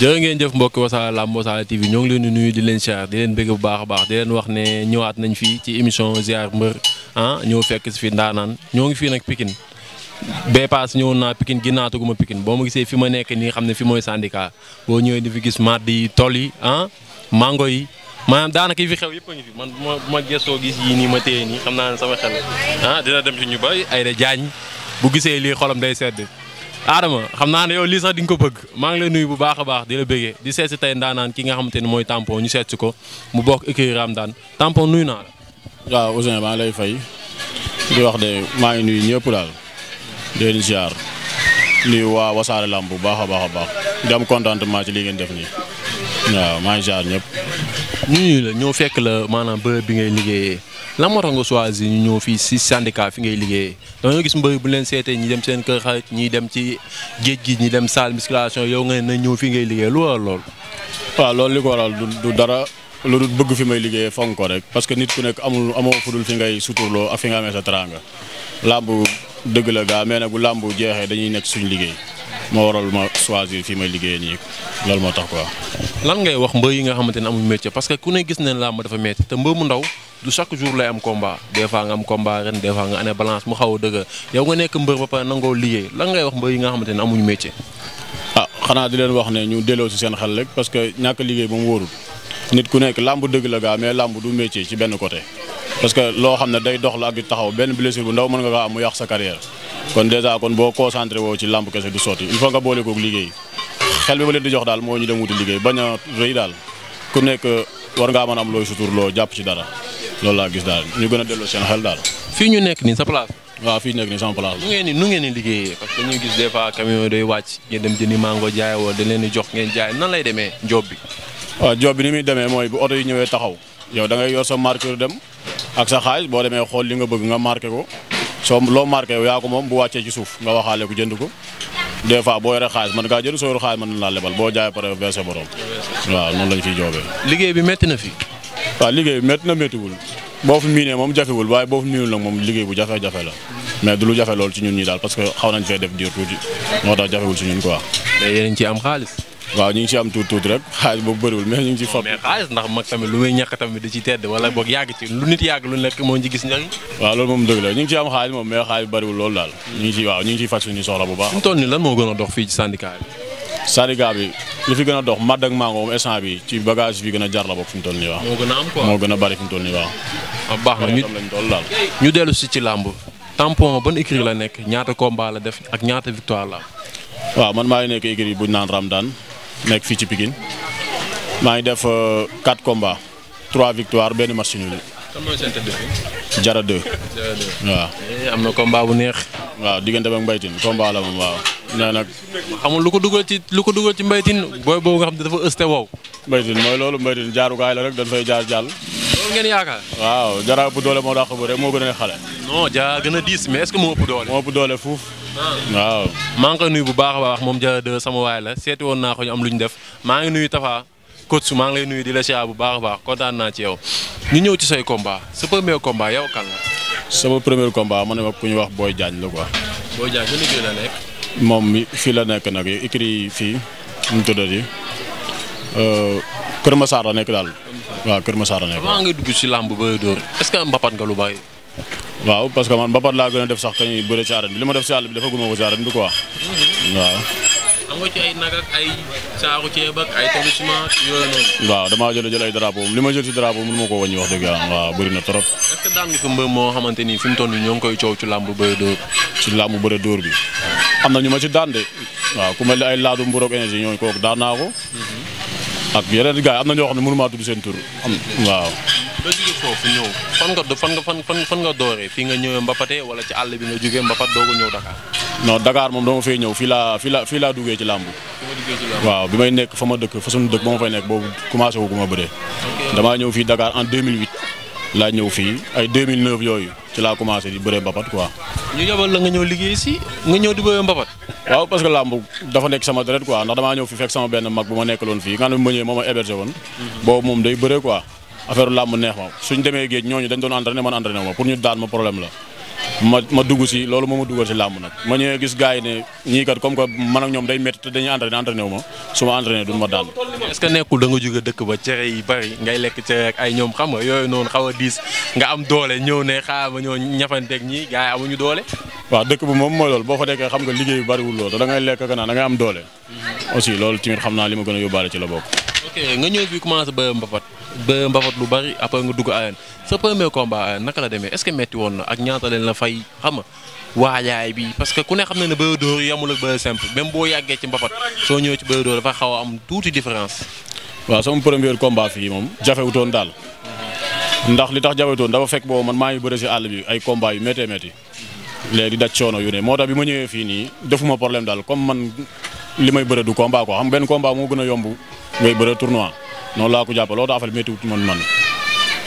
jërë ngeen jëf mbokki Wassare Lamb Wassare TV ñoo ngi leen di nuyu di leen siyaar di leen bëgg bu baax baax di leen wax ne ñëwaat nañ fii ci émission ziar mbër ah ñëw fekk si fi ndaanaan ñoo ngi fii nag pikin bee paas ñëwoon naa Pikine ma Pikine boo ma gisee fi ma nekk nii xam ne fi mooy syndicat boo ñëwee di fi gis madd yi tol yi ah mango yi maanaam daanaka yi fi xew yëpp a ngi fi man bu ma bu ma gëstoo gis yii nii ma téye nii xam naa ne sama xel ah dina dem ci ñu ba ay da jaañ bu gisee lii xolam day sedd Adama xam naa ne yow lii sax di nga ko bëgg maa ngi lay nuyu bu baax a baax di la bëggee di seet si tey ndaanaan ki nga xamante ni mooy Tampon ñu seet ko mu bokk écurie Ramdaan Tampon nuyu naa la. waaw Ousin maa ngi lay fay di wax de maa ngi nuyu ñëpp daal di leen ziar nuyu waa wasaare lamb bu baax a baax a baax di am contentement ci li ngeen def nii. waaw maa ngi jaar ñëpp. ñu ñu la ñoo fekk la maanaam bërëb bi ngay liggéeyee lan moo tax nga choisir ñu ñëw fii si syndicat fi ngay liggéeyee dañoo gis mbër bu leen seetee ñi dem seen kër xarit ñi dem ci géej gi ñi dem salle musculation yow nga ne na ñëw fi ngay liggéey lu waral lool. waaw loolu li ko waral du dara lu dul bëgg fi may liggéeyee fonk ko rek parce que nit ku nekk amul amoo fudul fi ngay suturloo ak fi nga amee sa teraanga làmb dëgg la gaa mais nag bu làmb jeexee dañuy nekk suñu liggéey moo waral ma choisir fii may liggéeyee nii loolu moo tax quoi. ngay wax mbër yi nga xamante ne amul métier parce que ku ne gis nañ làmb dafa métti te mbër mu ndaw du chaque am combat des fois nga am combat ren des fois nekk mbër ba pare nangoo liggéey lan ngay wax mbër yi nga xamante ne amuñu métier. ah xanaa di leen wax ne ñu delloo si seen xel rek parce que ñàkk liggéey ba mu wóorul nit ku nekk làmb dëgg la gaa mais làmb du métier ci benn côté parce que loo xam ne day dox la ak di taxaw benn blessure bu ndaw mën nga kaa am mu yàq sa carrière kon déjà kon boo concentré woo ci làmb kese du sotti il faut nga boole koog liggéey xel bi ma leen di jox daal moo ñu dem wuti liggéey bañ a rëy daal ku nekk war ngaa mën am looy sutur loo jàpp ci dara loolu laa gis daal ñu gën a delloo seen xel daal. fii ñu nekk nii sa place. waaw fii ñu nekk ni nu ngeen ni liggéeyee parce que dañuy gis des woo da di jox ngeen jaay nan lay demee njóob bi waaw ah, job bi ni muy demee mooy bu oto yi ñëwee taxaw yow da yor sa marqueur dem ak sa xaalis boo demee xool li nga bëgg nga marqué ko soo loo marqué yow yaa ko moom bu wàccee ci suuf nga waxaale ko jënd ko des fois boo yore xaalis man kaa jënd soo yore xaalis mën na laa lebal boo jaayee pare versé borom waaw noonu lañ fiy joobee. liggéey bi métti na fi. waaw ah, liggéey bi métti na méttiwul boo fi miinee moom jafewul waaye boo fi miinul nag moom liggéey bu jafe la mais du lu jafe lool ci ñun ñi daal parce que xaw nañ fee def moo tax jafewul ci ñun quoi. mais yéen ci am waaw ñu ngi ci am tuut tuut rek xaalis boobu bëriwul mais ñu ngi ci fab mais xaalis ndax mag tamit lu muy ñàkk tamit da ci tedd wala boog yàgg ci lu nit yàgg lu nekk moo ngi gis ñag waaw loolu moom dëgg la ñu ngi ci am xaalis moom mais xaalis bëriwul loolu daal ñu ngi ci waaw ñu ngi moo gën a dox fii ci syndicat bi syndicat fi gën a dox màdd ak mango moom instant bi ci bagage bi gën a jar la boog fi mu toll nii waaw moo gën a am quoi moo gën a bëri fi mu toll nii waaw ah, baax na lañ toll daal ñu dellu si ci làmb tampon ban écurie la nekk ñaata combat la def ak ñaata la waaw man maa ngi nekk écurie buñ naan Ramdan nekk fii ci Pikine maa ngi def 4 euh, combats 3 victoires benn match nul. jara 2. waaw. Eh, am na combat bu neex. waaw diggante ak Mbaye Tine combat la moom waaw. nee nag xamul lu ko dugal ci lu ko dugal ci Mbaye Tine booy boobu nga xam ne dafa ëste wow. Mbaye mooy loolu Mbaye Tine jaarukaay la rek dañ fay jaar jàll. loolu waaw jara ëpp doole moo dàq bu rek moo gën a xale. non gën a diis mais est moo ëpp doole. moo ëpp doole fuuf. waaw maa nuyu bu baax a baax moom Diarra 2 sama waay la seeti woon naa ko ñu am lu ñu def maa ngi nuyu Tafa coach maa ngi lay nuyu di la siyaar bu baax a baax kontaan naa ci yow ñu ñëw ci say combat sa premier combat yow kan sama premier combat ma ne ma ku ñu wax booy jaañ la ko Boy Diagne ban écurie la moom fii la nekk nag yi fii nu mu tuddati euh, Kër Masar la nekk daal. waa Kër Masar la nekk. waaw maa ngi dugg ci làmb ba dóor est mbapat nga lu bàyyi. waaw parce que man ba mbapat laa gën a def sax kañuy bëre ci arène bi li ma def ci àll bi dafa guma ko ci arène bi quoi mhm. waaw. am damaa jël jël ay drapeau li ma jël ci drapeau mënu ma koo wàññi wax dëgg yàlla waaw bëri na trop. que daan nga ko mbër moo xamante ni fi mu toll nii ñoo ngi koy coow ci làmbu bëre dóor. ci làmbu bëre dóor bi. am na ñu ma ci daan de. waaw ku mel ni ay laadu mburoog énergie ñooñu daan naa ko. Mhm. ak yeneen gars yi am na ñoo xam ne mënu maa tudd seen nga jóge foofu ñëw fan nga fan nga fan dooree fii nga ñëwee Mbapate wala ci àll bi nga jógee Mbapat doogu ñëw Dakar. non Dakar moom dama fee ñëw fii laa fii laa fii laa duggee ci làmb. waaw bi may nekk fa ma dëkk fa suñu dëkk ba ma fay nekk boobu commencé wu ma bëree. damaa ñëw fii Dakar en 2008 laa ñëw fii ay yooyu ci laa commencé di bëree Mbapat quoi. ñu yabal la nga ñëw liggéey si nga ñëw di bëree Mbapat. waaw parce que làmb dafa nekk sama deret quoi ndax damaa ñëw fi fekk sama benn mag bu ma nekkaloon fii nga xam ne ma ñëwee moo ma hébergé woon. Mhm. boobu moom day bëree quoi affaire làmb neex ma suñ demee géej ñooñu dañ doon entraîné man entraîné ma pour ñu daan ma problème la ma ma dugg si loolu moo yooyu noonu xaw a diis nga am doole ñëw ne xaaral ma ñëw ñafanteeg ñii gars yi amuñu doole. waaw bi moom mooy loolu boo fa nekkee xam nga liggéey bi bariwul loolu te da ngay lekk gannaaw da ngay am doole. Mhm. aussi loolu tamit xam naa li ma gën a yóbbaale ci la bokk. ok nga ñëw fii commencé ba mbapat ba mbafat lu bari après nga dugg arène sa premier combat arène naka la demee est-ce que metti woon na ak ñaata leen la fay xam nga waajaay bi parce que ku ne xam na ne bëre dóor yamul ak bëre simple même boo yàggee ci mbafat soo ñëwee ci bëre dóor dafa xaw a tuuti différence. waaw sama premier combat fii moom jafewutoon daal ndax li tax jafewutoon dafa fekk boobu man maa ngi bëre si àll bi ay combat yu méttee métti léegi daj coono yu ne moo tax bi ma ñëwee fii nii defuma problème daal comme man li may bëre du combat quoi xam benn combat moo gën yomb ngay bëre tournoi. noonu laa ko jàppee loolu dafa méttiwut man man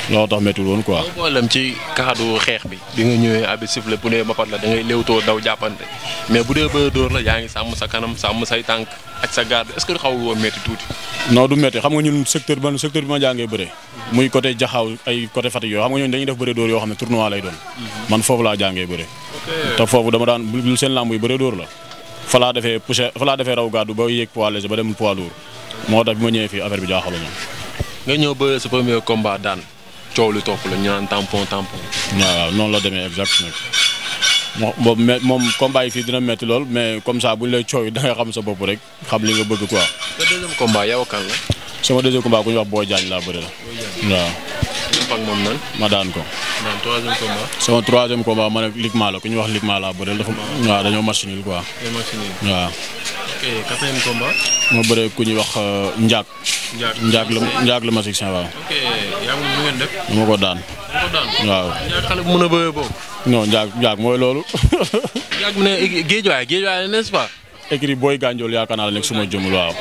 loolu tax méttiwul woon quoi. problème ci kaadu xeex bi. bi nga ñëwee abi sifle bu dee mbapat la da ngay léewtoo daw jàppante mais bu dee bëre dóor la yaa ngi sàmm sa kanam sàmm say tànk ak sa garde est-ce que xaw woon métti tuuti. noo du métti xam nga ñun secteur ban secteur bi ma jàngee bëre. muy côté jaxaaw ay côté Fatick yoo xam nga ñooñu dañuy def bëre dóor yoo xam ne tournoi lay doon. Mhm. man foofu laa jàngee bëre. te foofu dama daan lu seen làmb yi bëre dóor la. laa defee laa defee raw gàddu ba yéeg poids léger moo tax bi ma ñëwee fii affaire bi jaaxalu ma. nga ñëw ba sa premier combat daan coow lu topp la ñaan naan tampon waaw noonu la demee exactement moom moom combat yi fii dina metti lool mais comme ça buñ la lay coow xam sa bopp rek xam li nga bëgg quoi. sa deuxième combat yow kan la. combat ku wax Boy Diagne laa bëri la. waaw. ma daan ko. daan troisième combat. sama troisième combat ma ne la ku ñuy wax Ligma laa bëri dafa. dañoo machine quoi. dañoo machine waaw. ok quatrième combat. ma bëree ku ñuy wax euh, Ndiak. Ndiak Ndiak la Ndiak la magicien waaw. ok ma ko daan. waaw. Ndiak xale a bëree boobu. non Ndiak Ndiak mooy loolu. Ndiak mu ne Géejawaay Géejawaay n'est-ce pas. écrit booy gànjool yaakaar naa la nekk suma jëmul waaw.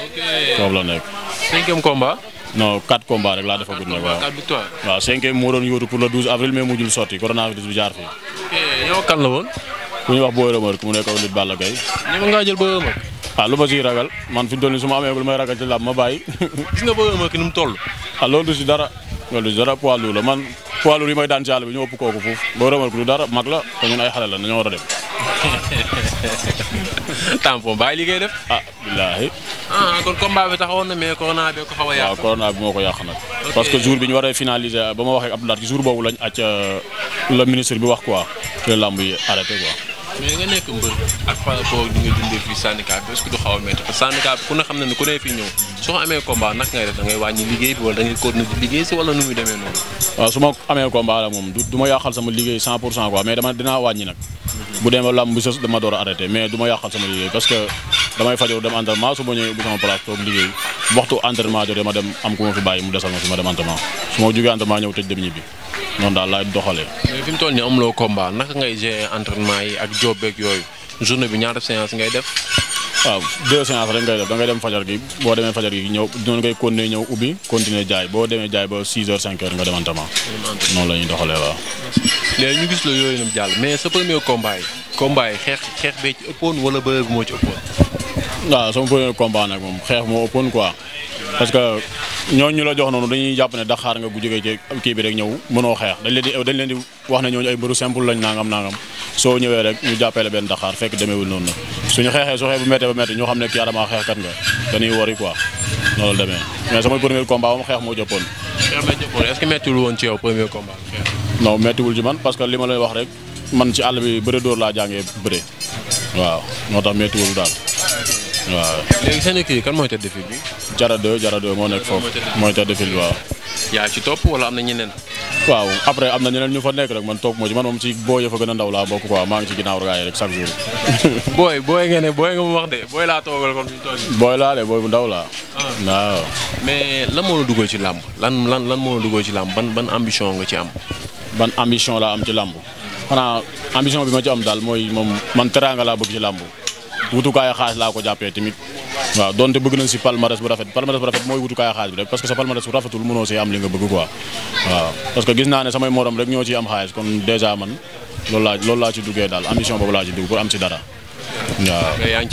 foofu la nekk. cinquième combat. non quatre combats rek laa defagul nag waaw quatre victoire waaw cinquième moo doon yóotu pour le 12 avril mais mujjul sotti coronavirus bi jaar fii. ok la woon. ku ñuy wax booy remarque mu nekk au nit Balla Gaye. ñëw ngaa jël booy remarque. waaw ah, lu ma ragal man fi mu toll nii may ragal ci làmb ma bàyyi. gis nu mu toll. ah loolu si dara loolu du si la man poids lourd yi may daan ci àll bi ñu ëpp kooku foofu boo rëmal ko du dara mag la te ñun ay xale la dañoo war a dem. tampon bàyyi li ngay def. ah billaahi. ah kon combat bi taxawoon na mais corona bi ko xaw a ko yàq nag. parce que jour bi ñu war a ba ma waxee ak Abdoulaye ci jour boobu lañ àcc euh, le ministre bi wax quoi que làmb yi arrêté quoi. mais nga nekk mbër ak par rapport ni nga dundee fii syndicat bi est-ce que du xaw a métti parce que syndicat bi ku ne xam na ne ku ne fi ñëw su ma amee combat la moom du ma yàqal sama liggéey 100 pour cent quoi mais dama dinaa wàññi nag bu demee lamb bu sës dama door a arrêté mais du ma yàqal sama liggéey parce que damay fajoo dem entraînement su ma ñëwee bu sama place toog liggéey waxtu entraînement jotee ma dem am ku ma fi bàyyi mu desal ma fi ma dem entraînement su noonu daal laay doxalee. mais fi mu toll nii amuloo combat naka ngay gérer entraînement yi ak job beeg yooyu journée bi ñaata séance ngay def. waaw ah, deux séances rek ngay def da ngay dem fajar gi boo demee fajar gi ñëw noonu ngay continuer ñëw ubbi continuer jaay boo demee jaay ba 6 heures 5 heures nga dem entraînement. noonu la ñuy doxalee waaw. léegi ñu gis la yooyu nag jàll mais sa premier combat yi. combat yi xeex xeex bee ci ëppoon wala bëre moo ci ëppoon. waaw ah, sama premier combat nag moom moo ëppoon quoi. parce que ñooñu ñu la jox noonu dañuy jàpp ne daxaar nga gu jógee ci kii bi rek ñëw mënoo xeex dañ leen di wax ne ñooñu ay mbëru simple lañ nangam nangam soo ñëwee rek ñu jàppee la benn daxaar fekk demeewul noonu nag suñu xeexee su xee bu méttee ba méttee ñoo xam ne kii dama xeexkat nga dañuy wari quoi noonu la demee mais sama premier combat moom xeex moo jëppoon. xeex woon ci yow premier combat. non méttiwul man parce que li ma lay wax rek man ci àll bi bëre dóor laa jàngee bëre waaw moo tax méttiwul daal waaw léegi seen kii kan mooy tête de bi. Jarado Jarado moo nekk foofu mooy tête de file waaw. yaa ci topp wala am na ñeneen. waaw après am na ñeneen ñu fa nekk rek man topp moo ci man moom ci booy fa gën a ndaw laa bokk quoi maa booy booy ngeen booy wax de booy laa toogal kon booy laa booy bu ndaw laa. Ah. waaw. mais lan moo la duggoo ci làmb lan lan lan moo la ci làmb ban ban ambition nga ci am. ban ambition laa am ci làmb xanaa ambition bi ma ci am daal mooy moom man teraanga laa bëgg ci làmb wutukaayu xaalis laa ko jàppee tamit waaw donte bëgg nañ si palmarès bu rafet palmarès bu rafet mooy wutukaayu xaalis bi rek parce que sa palmarès bu rafetul mënoo si am li nga bëgg quoi waaw parce que gis naa ne samay morom rek ñoo ciy am xaalis kon dèjà man loolu laa loolu duggee daal ambition boobu laa ci dugg pour am si dara waaw. mais ah,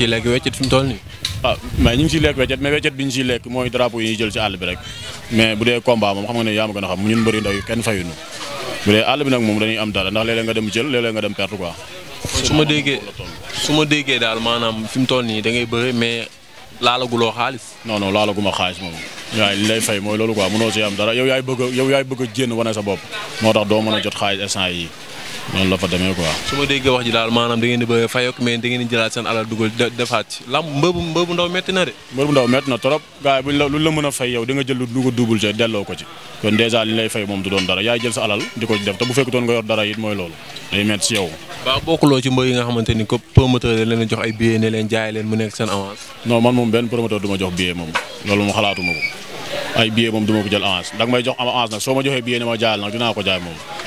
ñu ngi lekk weccet mais weccet bi ñu ciy lekk mooy drapeau yi ñuy jël ci àll bi rek mais bu dee combat moom xam a xam nga dem jël léeg-léeg nga dem su ma déggee daal maanaam fi mu toll nii da ngay bëre mais laalaguloo xaalis. non non laalaguma xaalis moom. waaye li lay fay mooy loolu quoi mënoo si am dara yow yaay bëgg yow yaay bëgg a jénn wane sa bopp moo tax doo mën a jot xaalis instant yii noonu la fa demee quoi. su ma déggee wax ji daal maanaam da ngeen di bëgg a fayok mais da di jëlaat seen alal dugal defaat ci lam mbëbu mbëbu ndaw metti na de. mbëbu ndaw metti na trop gars yi buñ la lu la mën a fay yow di nga jël lu ko duubul ci delloo ko ci kon dèjà li lay fay moom du doon dara yaay jël sa alal di ko ci def te bu fekkutoon nga yor dara it mooy loolu day metti si yow. waaw bokkuloo ci mbër yi nga xamante ni ko promoteur yi leen nekk seen avance. non man moom benn promoteur du ma jox billet moom loolu ko ay billet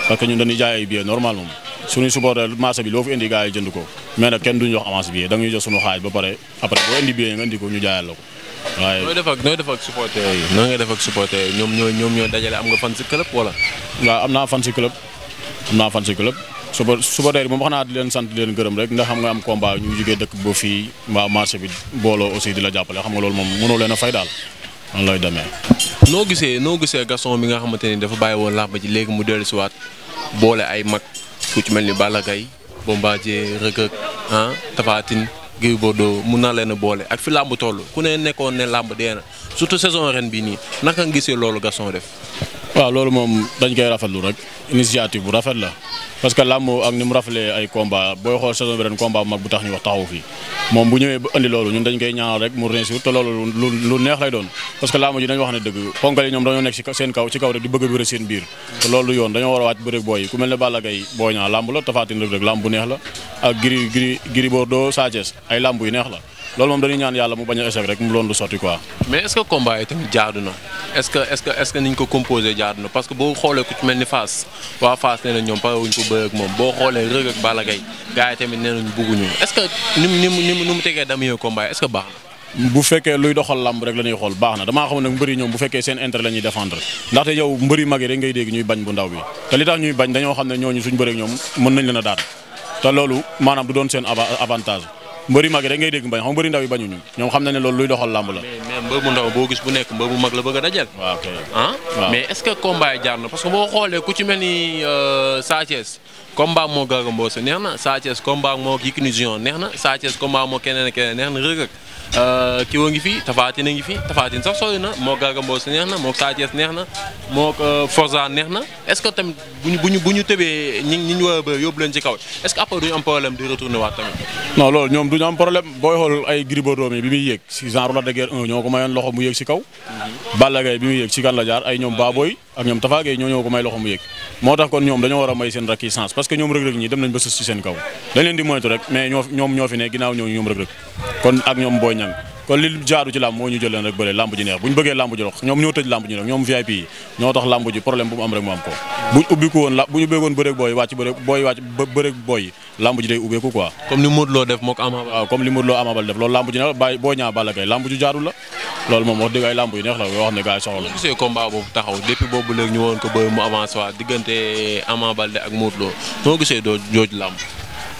parce que ñun dañuy jaay ay billets normal moom suñuy supporter marché bi loo fi indi gars yi jënd ko mais nag kenn duñu jox avance billet da nga ñuy jox suñu xaaj ba pare après boo indi nga indi ko ñu jaayal la ko waaye nooy def ak nooy def ak supporter yi noo ngay def ak supporter ñoom ñooy ñoom ñooy dajale am nga fan si club wala waaw am naa fan si club am naa fan si moom wax naa di leen sant leen gërëm rek ndax xam nga am combat ñu jógee dëkk ba fii waa marché bi booloo aussi di la jàppale xam nga loolu moom mënoo leen fay daal noonu lay demee. noo gisee noo gisee gason mi nga xamante ni dafa bàyyi woon làmb ji léegi mu dellu si waat boole ay mag ku ci mel ni Balla gay Bombardier Reug Reug ah Tapha gi Gris Bordeaux mun na leen a boole ak fi làmb toll ku ne nekkoon ne làmb dee na surtout saison ren bi nii naka nga gisee loolu Gaston def. waaw loolu moom dañ koy rafet lu rek initiative bu rafet la. parce que làmb ak ni mu raflee ay combat booy xool saison bi ren combat bu mag bu tax ñu wax taxaw fii moom bu ñëwee ba indi loolu ñun dañ koy ñaanal rek mu réussir te loolu lu neex lay doon parce que làmb ji dañu wax ne dëgg ponkal yi ñoom dañoo nekk ci seen kaw ci kaw rek di bëgg a seen biir te loolu yoon dañoo war a waaj bëre booy ku mel ne Balla Gaye Boy Niang làmb la Tapha Tine Reug Reug làmb bu neex la ak Gris Gris Gris Bordeaux Sa ay làmb yu neex la loolu moom dañuy ñaan yàlla mu bañ a échec rek mu loon du sotti quoi. mais est ce que combat yi tamit jaadu na est ce que est ce que est ce parce que boo xoolee ku mel ni Fass waa Fass nee ñoom pare wuñ ko bëre moom boo xoolee Reug ak Balla Gaye gars yi tamit nee nañ bugguñu est ni mu tegee damiyee combat yi est ce que baax na. bu fekkee luy doxal lamb rek la ñuy baax na damaa xam ne nag mbëri ñoom bu fekkee seen intérêt la ñuy défendre ndaxte yow mbëri mag yi rek ngay dégg ñuy bañ bu ndaw bi te li tax xam ne ñooñu suñ bëre ak ñoom mën nañ leen a daan te loolu maanaam doon seen avantage mbëri mag yi rek ngay dégg mbañ xam mbëri ndaw yi bañuñu ñoom xam na ne loolu luy doxal làmb la. mais mu ndaw boo gis bu nekk mbër mu mag la bëgg a dajal. waaw ah mais est-ce que combat yi jaar na parce que xoolee ku ci ni euh, Sa Thiès combat moo Garga Mbossé neex na Sa Thiès combat moo Yékini Junior neex na Sa Thiès combat moo keneen ak neex na Reug Euh, kii wa ngi fi Tapha Tine a ngi fi Tapha sax sooy na moo Garga neex na moo Sa neex na moo euh, Forza neex na est ce que tamit bu ñu tëbee ñi ñi ñu war a bëri yóbbu leen ci kaw est ce que après duñu am problème di retourner waat bi muy yéeg si genre mhm. la jaar ñoom Baboy ak ñoom Tapha Gueye ko may loxo mu yéeg moo tax kon ñoom dañoo war a may seen rakk parce que ñoom rëg-rëg ñi dem nañ ba si seen kaw dañ leen di moytu rek mais ñoo ñoom ñoo fi ne ginnaaw ñoom rëg kon ak ñoom Boy Niang kon li jaaru ci làmb moo ñu jël leen rek bële làmb ji neex bu ñu bëggee làmb ji dox ñoom ñoo tëj làmb ji nag ñoom VIP yi ñoo tax làmb ji problème bu mu am rek mu am ko buñ ubbiku woon la booy wàcc bëreeg booy wàcc ji day ubbeeku quoi comme li Modou def moo ko Ama waaw comme li Modou Lo Ama Baldé def loolu làmb ji ne bàyyi boo ñaa Balla Gaye làmb ju jaarul moom wax dëgg ay làmb neex la yoo xam ne gars yi soxla gisee combat boobu taxaw depuis boobu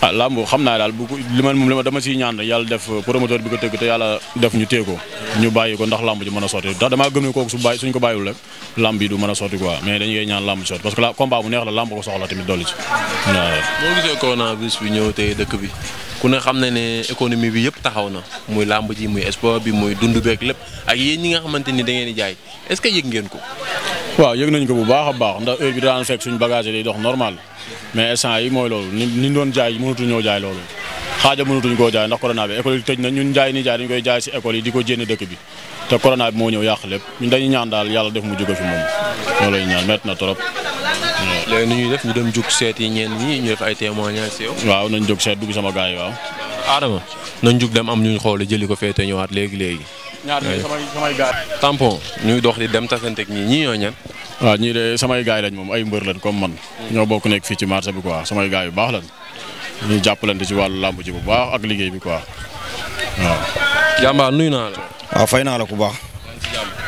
ah làmb xam naa daal bu li dama siy ñaan yàlla def promoteur bi ko tëgg te yàlla def ñu téye ko ñu bàyyi ko ndax làmb ji mën a sotti ndax damaa gëm ne kooku su bàyyi suñ ko bàyyiwul rek làmb yi du mën a sotti quoi mais dañu koy ko soxla tamit dolli ci waaw. boo gisee coronavirus bi ñëw tey dëkk bi ku ne xam na ne économie bi yëpp taxaw na muy làmb ji muy sport bi muy dund beeg lépp ak yéen ñi nga xamante ni da ngeen di jaay est-ce que yëg ngeen ko. waaw yëg nañ ko bu baax a baax ndax heure bi daan fekk suñu bagage yi day dox normal mais instant yi mooy loolu ni doon jaay mënatuñ ñoo jaay loolu xaaja mënatuñ koo jaay ndax corona bi école yi tëj na ñun jaay ni jaay dañ koy jaay si école yi di ko jénn dëkk bi te corona bi moo ñëw yàq lépp ñun dañuy ñaan daal yàlla def mu jóge fi moom loolu lay ñaan métti na trop léegi nu ñuy ñu dem jug seet yi ñeen ñi ñu def ay témoignage si yow waaw nañ jóg seet dugg sama gars waaw Adama nañ jug dem am ñu xool jëli ko fee te ñëwaat léegi léegi ñaar ñooy samay ñuy dox di dem tasanteeg ñii ñi ñoo ñan. waaw ñii de samay gaay lañ moom ay mbër lañ comme man. ñoo bokk nekk fii ci marché bi quoi samay gaay yu baax lañ. ñuy jàppalante ci wàllu làmb ji bu baax ak liggéey bi quoi waaw. jàmbaar nuyu naa la. waaw fay naa la ku baax.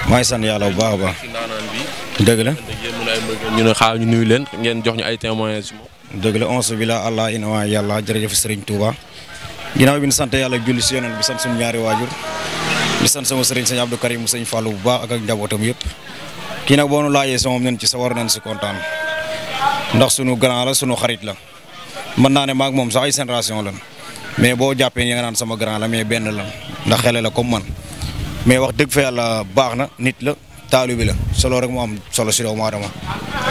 maa ngi sant yàlla bu baax a baax. dëgg la. ñu ne xaar ñu nuyu leen ngeen jox ñu ay témoignages ci moom. dëgg la onze bi la allah inna wa yàlla jërëjëf Serigne Touba. ginnaaw bi ñu sant yàlla julli si yonent bi sant suñu ñaari waajur di sant sama sëriñ sëñ Abdou Karim sëñ Fallou bu baax ak ak njabootam yëpp kii nag boo nu laajee sama nen ci sawar nañ si kontaan ndax sunu grand la sunu xarit la mën naa ne maag moom sax ay génération lan mais boo jàppee nga naan sama grand la mais benn lan ndax xele la comme man mais wax dëgg fa yàlla baax na nit la taalibe la solo rek moom solo si doomu aadama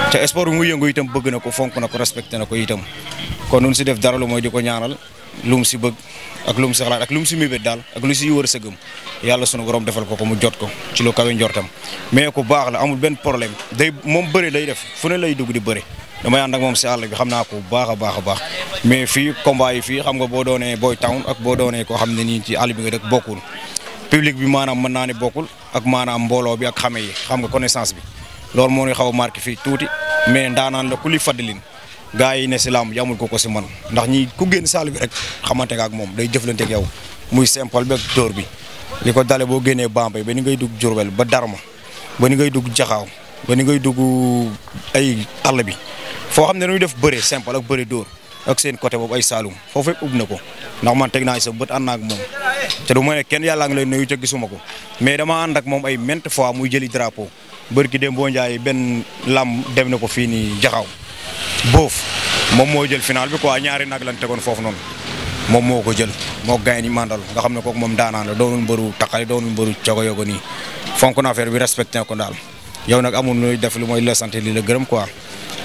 te sport mu yëngu itam bëgg na ko fonk na ko respecté na ko itam kon nun si def dara lu mooy di ko ñaanal lu mu si bëgg ak lu mu si xalaat ak lu mu si mébét daal ak lu si wër sëgëm yàlla sunu borom defal ko ko mu jot ko ci lu kawe njortam mais ku baax la amul benn problème day moom bëri lay def fu ne lay dugg di bëri damay ànd ak moom si àll bi xam naa ko bu baax a baax a baax mais fii combat yi fii xam nga boo doonee boy town ak boo doonee ko xam ne nii ci àll bi nga dëkk bokkul public bi maanaam mën naa ne bokkul ak maanaam mbooloo bi ak xame yi xam nga connaissance bi loolu moo ñu xaw fii tuuti mais ndaanaan la ku li faddilin gaa yi ne si làmb ji amul ko ko si man ndax ñi ku génn saal bi rek xamante nga ak moom day jëflanteeg yow muy simple beeg dóor bi li ko dale boo génnee Bambey ba ni ngay dugg Diourbel ba Darma ba ni ngay dugg jaxaw ba ni ngay dugg ay àll bi foo xam ne dañuy def bëre simple ak bëre dóor ak seen côté boobu ay saalum foofu yëpp ub na ko ndax man teg naa sa bët ànd naa ak moom te du ma ne kenn yàllaa ngi lay nuyu ca gisuma ko mais dama ànd ak moom ay maintes fois muy jëli drapeau bërki dem boo njaay benn làmb dem na ko fii nii Jaxaaw boof moom moo jël final bi quoi ñaari nag lañ tegoon foofu noonu moom moo ko jël moo gaay ñi mandal nga xam ne kook moom daanaan la doonul mbëru taqali doonul mbëru cogo yogo nii fonk na affaire bi respecté ko daal yow nag amul luy def lu mooy la sant lii la gërëm quoi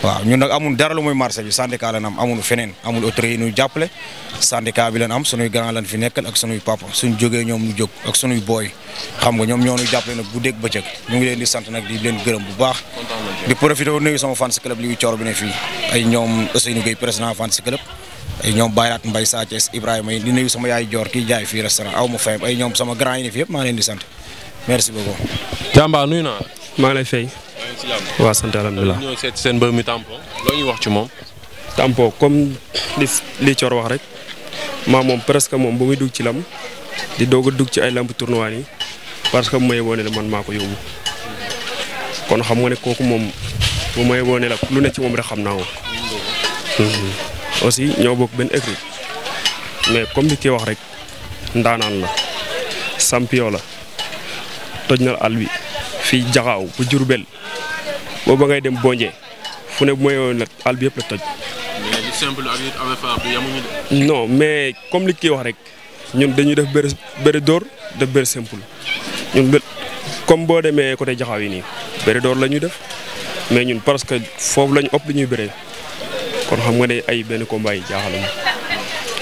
waaw ñun nag amul dara lu muy marché bi syndicat lan am amul feneen amul autorité yi ñuy jàppale syndicat bi lan am sunuy grand lan fi nekkal ak sunuy papa suñ jógee ñoom ñu jóg ak sunuy booy xam nga ñoom ñoo ñuy jàppale nag bu dégg bëccëg ñu ngi leen di sant nag di leen gërëm bu baax di profité nuyu sama fans club ligu bi ne fii ay ñoom Ousseynou Gueye président fans club ay ñoom Bayrat Mbaye Sa Ibrahima yi di nuyu sama yaay joor ki jaay fii restaurant aw ma fayam ay ñoom sama grand yi ne fi yëpp maa leen di sant merci beaucoup jàmbaar nuyu naa maa lay fay waaw sant alhamdulilah ñoo seet seen mbër mi Tampon loo ñuy wax ci moom. Tampon comme li li Coor wax rek maa moom presque moom ba muy dugg ci lam di doog a dugg ci ay lamb tournoi yi parce que bu ma yeboo ne la man maa ko yóbbu kon xam nga ne kooku moom bu ma yeboo ne la lu ne ci moom rek xam naa ko. aussi ñoo bokk benn écrit mais comme li kii wax rek ndaanaan la champion la toj na la àll bi fii Jaxaaw bu Jurbel booba ngay dem Bonje fu ne bu ma yoon nag àll yëpp la toj. mais simple ak bi mais comme li kii wax rek ñun dañuy def bëri bëri door def bëri simple ñun comme boo demee côté Jaxaaw yi nii bëri door la ñuy def mais ñun parce que foofu lañu ëpp li ñuy bëree kon xam nga ne ay benn combat yi jaaxal ma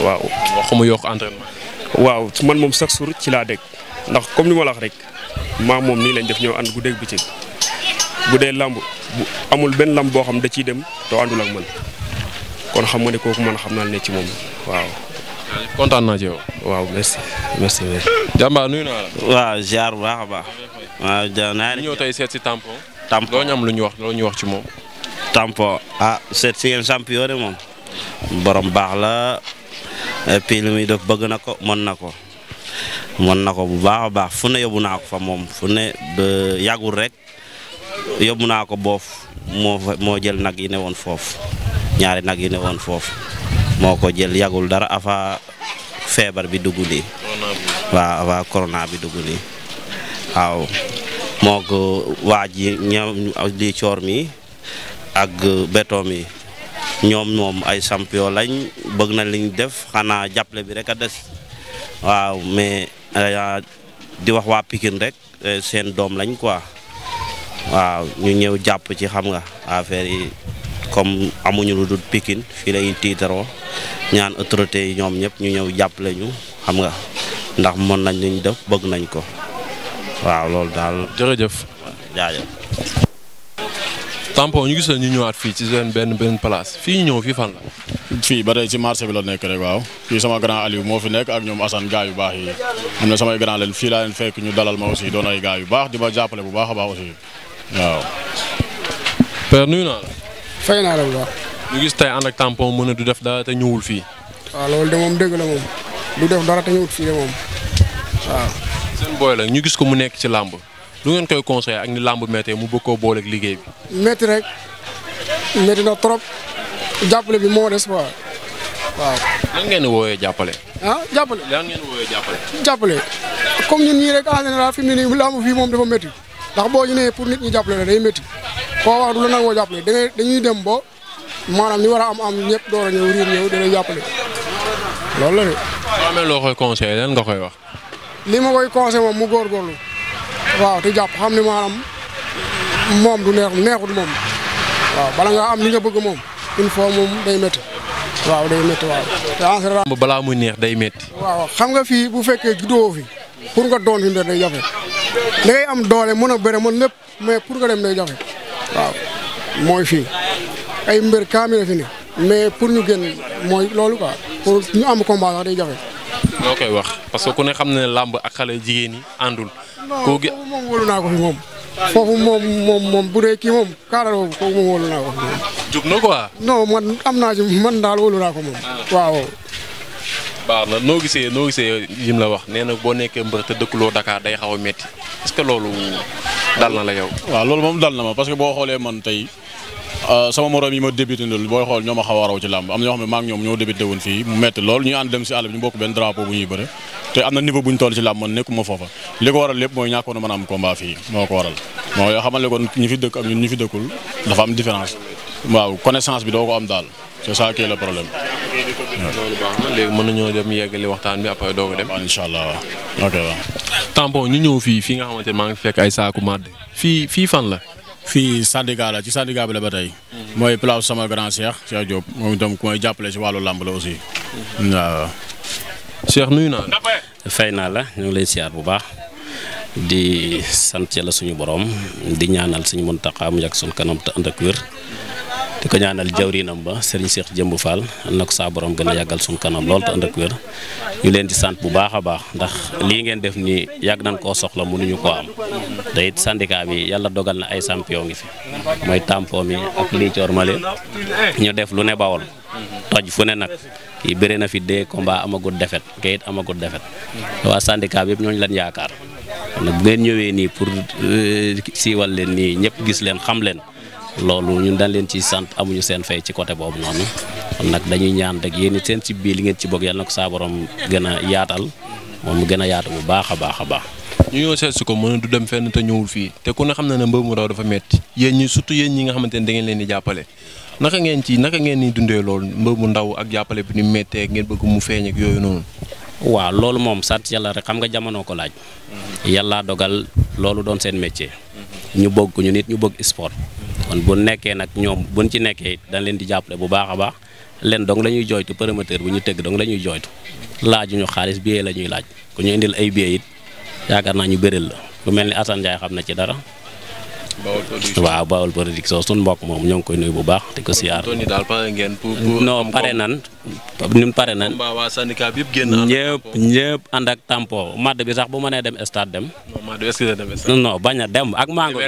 waaw. waxuma yokk entraînement. waaw man moom chaque jour ci laa dégg ndax comme ni ma la rek. maa moom nii lañ def ñëw ànd guddeeg bëccëg bu dee làmb amul benn làmb boo xam da ciy dem te àndul ak man kon xam nga ne kooku man xam na ne ci moom waaw. kontaan naa waaw merci merci merci. jàmbaar nuyu la. waaw ziar baax baax. waaw ja naa ñëw tey seet si tampon. tampon loo ñu am lu ñu wax loo ñu wax ci moom. tampon ah seet si yéen champion de moom. borom baax la et puis li muy def bëgg na ko mën na ko. mën na ko bu baax a baax fu ne yóbbu ko fa moom fu ne yàggul rek yóbbu naa ko boof moo jël nag yi ne woon foofu ñaari nag yi ne woon foofu moo ko jël yàggul dara afa feebar bi dugg nii waaw afa corona bi dugg nii waaw moo ko waa ji ñoom mi ak beto mi ñoom moom ay champion lañ bëgg na liñ def xanaa jàppale bi rek a des waaw mais Eh, ah, di wax waa pikin rek eh, seen doom lañ quoi waaw ñu ñëw jàpp ci xam nga affaire yi comme amuñu lu dul pikin fii la ñuy tiitaroo ñaan autorité yi ñoom ñëpp ñu ñëw jàpp lañu xam nga ndax mën nañ liñ def bëgg nañ ko waaw loolu daal. jërëjëf jaajëf. tampon ñu gis la ñu ñëwaat fii ci seen benn benn place fii ñu ñëw fii fan la. fii ba tey ci marché bi la nekk rek waaw fii sama grand Aliou moo fi nekk ak ñoom Assane gaa yu baax yi am na samay grand leen fii laa leen fekk ñu ma aussi doon ay gaa yu baax ma jàppale bu baax a baax aussi waaw. père nuyu naa la. fay naa la bu baax. ñu gis tey ànd ak tampon mën a du def dara te ñëwul fii. waaw loolu de moom dëgg la moom du def dara te ñëwul fii de moom waaw. seen booy la ñu gis ko mu nekk ci làmb. lu ngeen koy conseillé ak ni làmb méttee mu bëgg koo booleeg liggéey bi. métti rek métti na trop jàppale bi moo des waaw. waaw lan ngeen wooyee jàppale. ah jàppale lan ngeen jàppale. jàppale comme ñun ñii rek en général fi mu làmb fii moom dafa métti ndax boo ñu nee pour nit ñi jàppale la day métti koo wax du la nangoo jàppale da dañuy dem ba maanaam ñu war a am am ñëpp door a ñëw riir ñëw dina jàppale loolu la de. soo amee loo koy conseillé lan nga koy wax. li ma koy conseillé moom mu góorgóorlu. waaw te jàpp xam ne maanaam moom du neex neexut moom waaw bala nga am li nga bëgg moom une fois moom day métti waaw day métti waaw. te en général balaa muy neex day métti. waaw xam nga fii bu fekkee juddoo fi pour nga doon fi mbir day jafe da ngay am doole mën a bëre mën lépp mais pour nga dem day jafe waaw mooy fii ay mbir kaamil fi ne mais pour ñu génn mooy loolu quoi pour ñu am combat sax day jafe. ñoo koy wax parce que ku ne xam na ne làmb ak xale jigéen ñi àndul. ku gi moom wóolu naa ko fi moom. foofu moom moom bu dee kii moom kaara boobu kooku moom wóolu naa ko fi moom. jub na quoi. non man am naa ci man daal wóolu naa ko moom. Ah. waaw. baax na noo gisee noo gisee yim la wax nee na boo nekkee mbër te dëkkuloo Dakar day xaw a métti est que loolu dal na la yow. waaw loolu moom dal na ma parce que boo xoolee man tey. Euh, sama morom yi ma débuté ndul booy xool ñoo ma xaw a raw ci làmb am na ñoo xam ne maa ngi ñoom ñoo débuté woon fii mu metti lool ñu ànd dem si àll bi ñu bokk benn drapeau bu ñuy bëre te am na niveau bu toll ci làmb man nekkuma foofa li ko waral lépp mooy ñàkkoon a mën a am combat fii moo ko waral moo yoo xamal ne kon ñi fi dëkk ak ñun ñi fi dëkkul dafa am différence waaw connaissance bi doo ko am daal c'est ça qui est le problème. loolu na léegi mën nañoo dem bi après doo ko dem. incha allah waaw ok waaw. ñu ñëw fii fii nga xamante maa ngi fekk ay saaku màdd fii fii fan la fii syndicat la ci syndicat la ba tey. Mm-hmm. mooy place sama grand Cheikh Cheikh Diop moom itam ku may jàppale si wàllu làmb la aussi. Mm-hmm. waaw. Cheikh nuyu naa la. fay naa la ñu ngi lay siyaar bu baax. di sant la suñu borom di ñaanal suñu Muntaxa mu yàgg suñu kanam te ànd ak wér. di ko ñaanal jawriinam ba Serigne Cheikh Jëmb Fall na ko saa gën a yàggal suñu kanam lool te ànd ak wér ñu leen di sant bu baax a baax ndax lii ngeen def nii yàgg nañ koo soxla mënuñu ko am te it syndicat bi yàlla dogal na ay champion ngi fi mooy tampon mi ak lii coor male ñu def lu ne bawol toj fu ne nag kii bëri na fi dee combat amagut defet kayit amagut defet waa syndicat bi yëpp ñooñu lañ yaakaar kon nag bu ngeen ñëwee nii pour euh, siiwal leen nii loolu ñun dañ leen ci sant amuñu seen fay ci côté boobu noonu nag dañuy ñaan rek yéen seen ci biir li ngeen ci bëgg yàlla na ko saa borom gën a yaatal moom mu gën a yaatu bu baax a baax a baax. ñu ñëw seet si ko mën du dem fenn te ñëwul fii te ku ne xam na ne mbër mu raw dafa metti yéen ñi surtout yéen ñi nga xamante ne da ngeen di jàppale naka ngeen ci naka ngeen ni dundee loolu mbër mu ndaw ak jàppale bi ni mu méttee ngeen bëgg mu feeñ ak yooyu noonu. waaw loolu moom sant yàlla rek xam nga jamono ko laaj. Mhm. yàlla dogal loolu doon seen métier. Mhm. ñu bëgg ñu nit ñu bëgg sport kon bu nekkee nag ñoom buñ ci nekkee it dañ leen di jàppale bu baax a baax leen dong la ñuy jooytu promoteur bu ñu tëgg dong la ñuy jooytu ñu xaalis billet la ñuy laaj ku ñu indil ay billet it yaakaar naa ñu bëril la bu mel ni Assane xam na ci dara waaw Bawol production suñ mbokk moom ñoo ngi koy nuyu bu baax te ko siyaar. non pare nan ñun pare nan ñëpp ñëpp ànd ak tampo madd bi sax bu ma nee dem stade dem non bañ a dem ak mango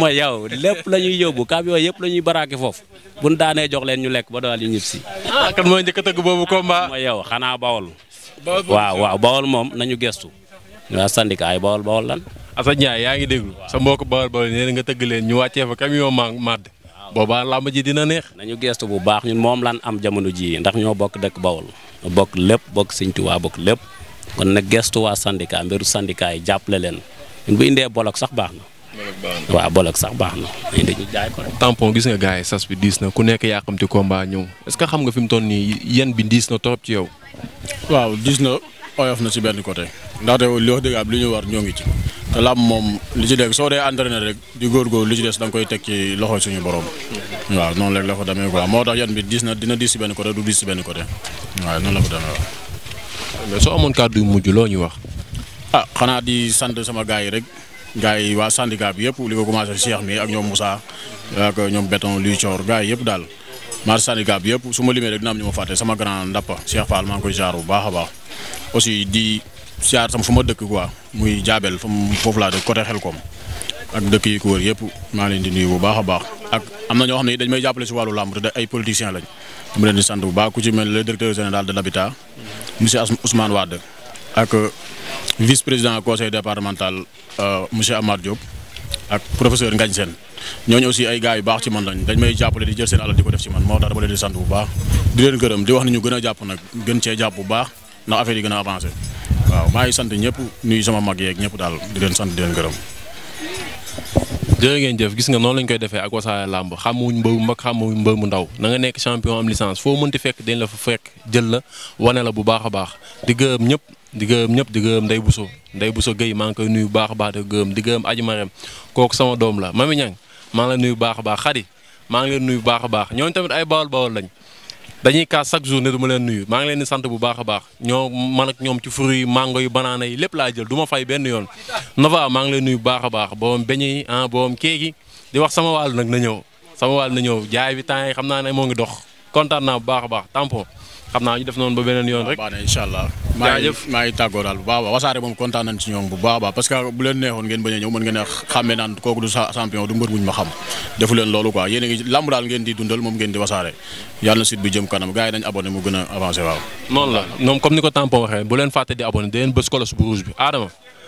ma yow lépp lañuy ñuy yóbbu kaab yooyu yëpp la ñuy baraaki foofu buñ daanee jox leen ñu lekk ba daal yu ñib si ah, kan mooy njëkk boobu combat ma yow xanaa Bawol waaw waaw Bawol moom nañu gestu waa syndicat yi Bawol Bawol lan Assane Ndiaye yaa ngi déglu sa mbokk bawal bawal nee na nga tëgg leen ñu wàccee fa camion ma màdd boobaa làmb ji dina neex nañu gestu bu baax ñun moom lan am jamono ji ndax ñoo bokk dëkk bawal bokk lépp bokk Sëñ waa bokk lépp kon nag gestu waa syndicat mbiru syndicat yi jàppale leen ñun bu indee bolok sax baax na waaw bolok sax baax na dañu jaay ko tampon gis nga gars yi sas bi diis na ku nekk yàqam ci combat ñëw est-ce que xam nga fi mu toll nii yan bi diis na trop ci yow waaw diis na oyof na ci benn côté ndaxte li wax dëgg lu li ñu war ñoo ngi ci te làmb moom lu ci dégg soo dee entraîné rek di góorgóorlu lu ci des da nga koy teg ci loxo suñu borom. waaw noonu rek la ko demee quoi moo tax yan bi diis na dina diis si benn côté du diis si benn côté waaw noonu la ko demee waaw. soo amoon kàddu yu mujj loo ñu wax. ah xanaa di sant sama gars yi rek. gars yi waa syndicat bi yëpp li ko commencé Cheikh mi ak ñoom Moussa ak ñoom Béton luy Thior gars yi yëpp daal marché syndicat yëpp su ma limee dina ñu ma fàtte sama grand ndappa Cheikh Fall maa ngi koy jaar bu baax a baax siyaar tam fu ma dëkk quoi muy jaabel fu mu foofu laa dëkk côté Xelkom ak dëkk yi ko wër yëpp maa leen di nuyu bu baax baax ak am na ñoo xam ne dañ may jàppale si wàllu làmb te ay politiciens lañ dama leen di sant bu baax ku ci mel le directeur général de l'habitat monsieur Ousmane Wade ak euh, vice président conseil départemental euh, monsieur Amar Diop ak professeur Ngagne Sène ñooñu aussi ay gars yu baax ci man lañ dañ may jàppale di jël seen alal di ko def ci man moo tax dama leen di sant bu baax di leen gërëm di wax ni ñu gën a jàpp nag gën cee jàpp bu baax ndax affaire gën a avancé waaw maa ngi sant ñëpp nuyu sama mag yeeg ñëpp daal di leen sant di leen gërëm. jërë ngeen jëf gis nga noonu lañ koy defee ak wasaare làmb xamuñ mbër mu mag xamuñ mbër mu ndaw nanga nekk champion am licence foo mënti fekk dañ la fu fekk jël la wane la bu baax a baax di gërëm ñëpp di gërëm ñëpp di gërëm Ndeye Bousso Ndeye Bousso Guèye maa ngi koy nuy bu baax a baax di gërëm di gërëm Adji Marème kooku sama doom la Mami Niang maa ngi la nuyu bu baax a baax Khady maa ngi leen nuyu bu baax a baax ñooñu tamit ay bawol bawol lañ dañuy kaas chaque jour ne du ma leen nuyu maa ngi leen sant bu baax a baax ñoo man ak ñoom ci fruits yi mango yu banaana yi lépp laa jël duma fay benn yoon Nova maa ngi leen nuyu bu baax a baax boobam beñ yi ah boobam keeki di wax sama wàll nag na ñëw sama wàll na ñëw jaay bi temps yi xam naa ne moo ngi dox kontaan naa bu baax a baax tampon xam naa ñu def noonu ba beneen yoon ah, rek. waaw baax na incha allah. jaajëf tàggoo daal bu baax wasaare moom kontaan nañ ci ñoom bu baax parce que bu leen neexoon ngeen bañ ñëw mën ngeen a naan kooku du champion du mbër muñ ma xam defu leen loolu quoi yéen lamb daal ngeen di dundal moom ngeen di wasaare yàlla na bi jëm kanam gars yi nañ mu gën a avancé waaw noonu la ñoom comme ni ko tampon waxee bu leen fàtte di abonné di bës kolos bu rouge bi Adama